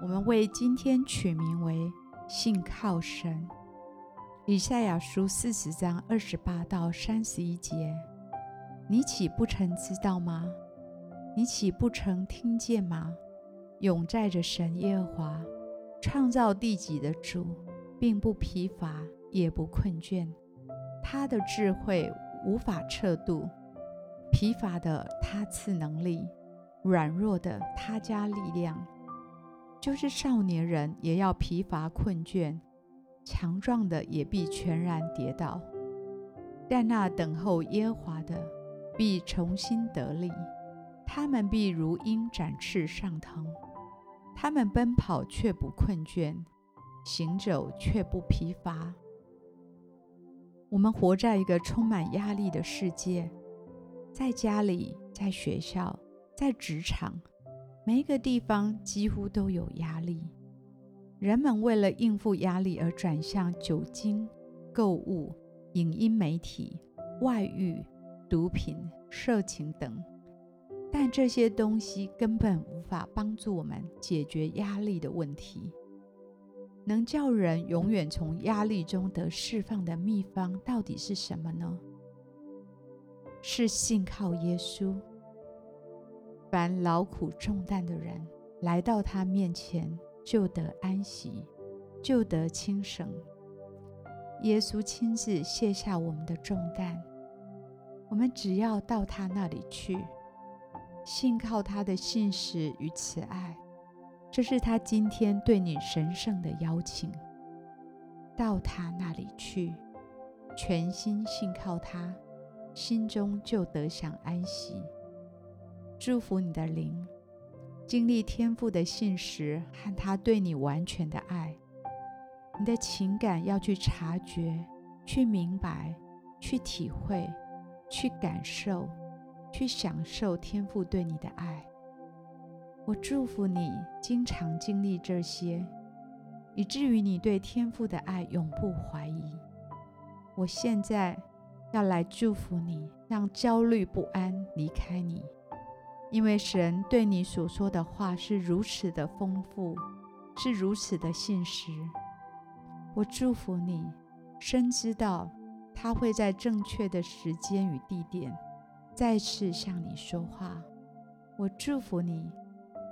我們為今天取名為信靠神。以賽亞書四十章二十八到三十一節，你豈不曾知道嗎？你豈不曾聽見嗎？永在的神耶和華，創造地極的主，並不疲乏，也不困倦，他的智慧無法測度，疲乏的他賜能力，軟弱的他加力量。就是少年人也要疲乏困倦，強壯的也必全然跌倒，但那等候耶和華的必重新得力，他們必如鷹展翅上騰，他們奔跑卻不困倦，行走卻不疲乏。我們活在一個充滿壓力的世界，在家裡，在學校，在職場。每一個地方幾乎都有壓力，人們為了應付壓力而轉向酒精、購物、影音媒體、外遇、毒品、色情等，但這些東西根本無法幫助我們解決壓力的問題。能叫人永遠從壓力中得釋放的秘方到底是什麼呢？是信靠耶穌。凡勞苦重擔的人來到他面前，就得安息，就得輕省。耶穌親自卸下我們的重擔，我們只要到他那裡去，信靠他的信實與慈愛，這是他今天對你神聖的邀請。到他那裡去，全心信靠他，心中就得享安息。祝福你的靈，經歷天父的信實和他對你完全的愛。你的情感要去察覺、去明白、去體會、去感受、去享受天父對你的愛。我祝福你，經常經歷這些，以至於你對天父的愛永不懷疑。我現在要來祝福你，讓焦慮不安離開你。因為神對你所說的話是如此的豐富，是如此的信實。我祝福你，深知道他會在正確的時間與地點再次向你說話。我祝福你，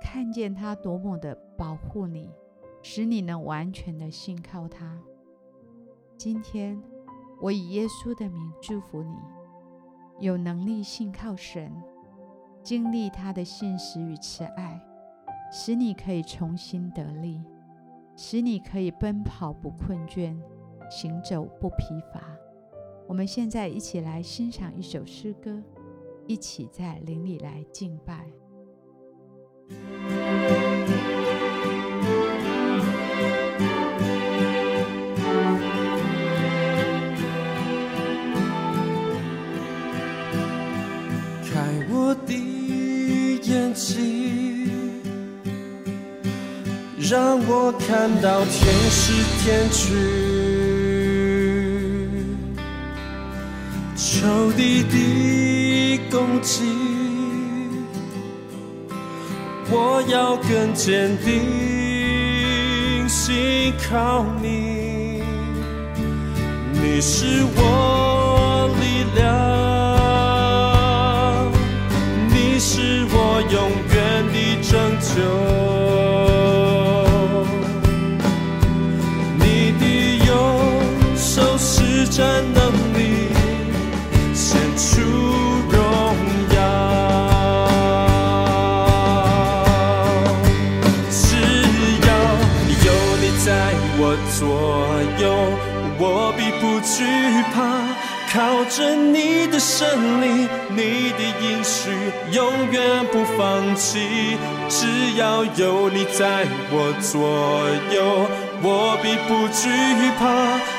看見他多麼的保護你，使你能完全的信靠他。今天，我以耶穌的名祝福你，有能力信靠神。經歷他的信實與慈愛，使你可以重新得力，使你可以奔跑不困倦，行走不疲乏。我們現在一起來欣賞一首詩歌，一起在靈裡來敬拜。讓我看到天使天軍，仇敵的攻擊，我要更堅定，信靠祢，你是我力量。的能力顯出榮耀。只要有你在我左右，我必不懼怕。靠着你的勝利，你的應許永遠不放棄。只要有你在我左右，我必不懼怕。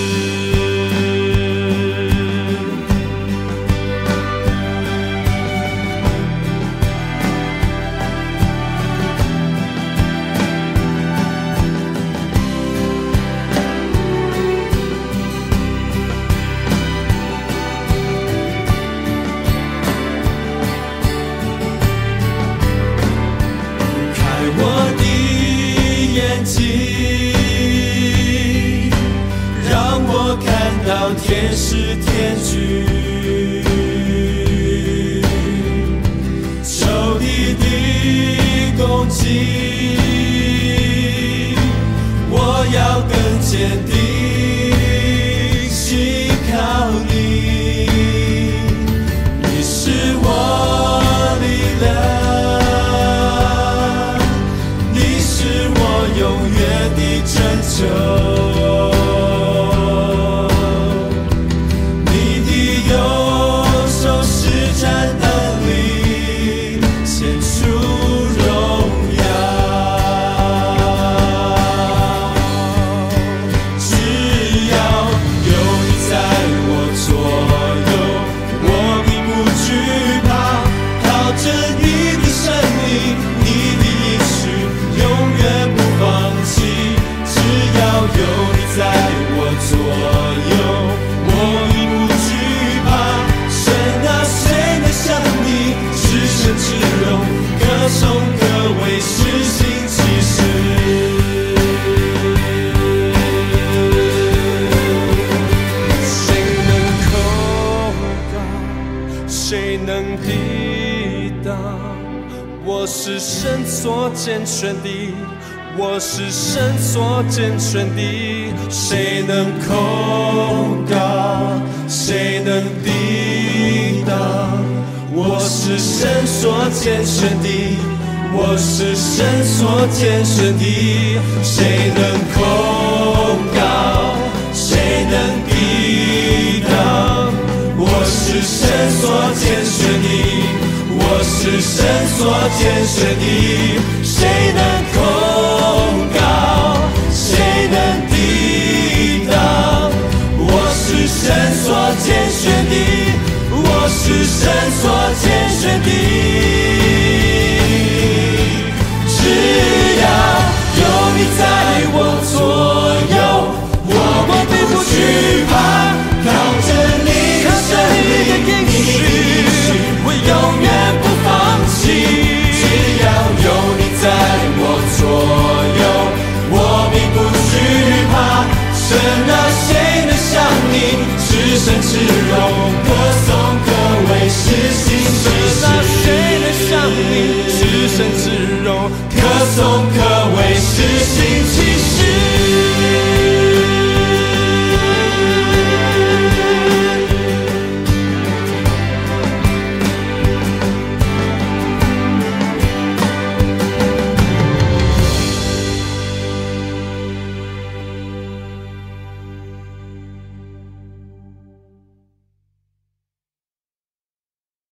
心，讓我看到天使天軍，手裡的弓箭，我要更堅定，信靠你，你是我力量。揀選的，我是神所揀選的，誰能控告？誰能抵擋？我是神所揀選的，我是神所揀選的，誰能控告？誰能抵擋？我是神所揀選的，我是神所揀選的。誰能控告？誰能抵擋？我是神所揀選的，我是神。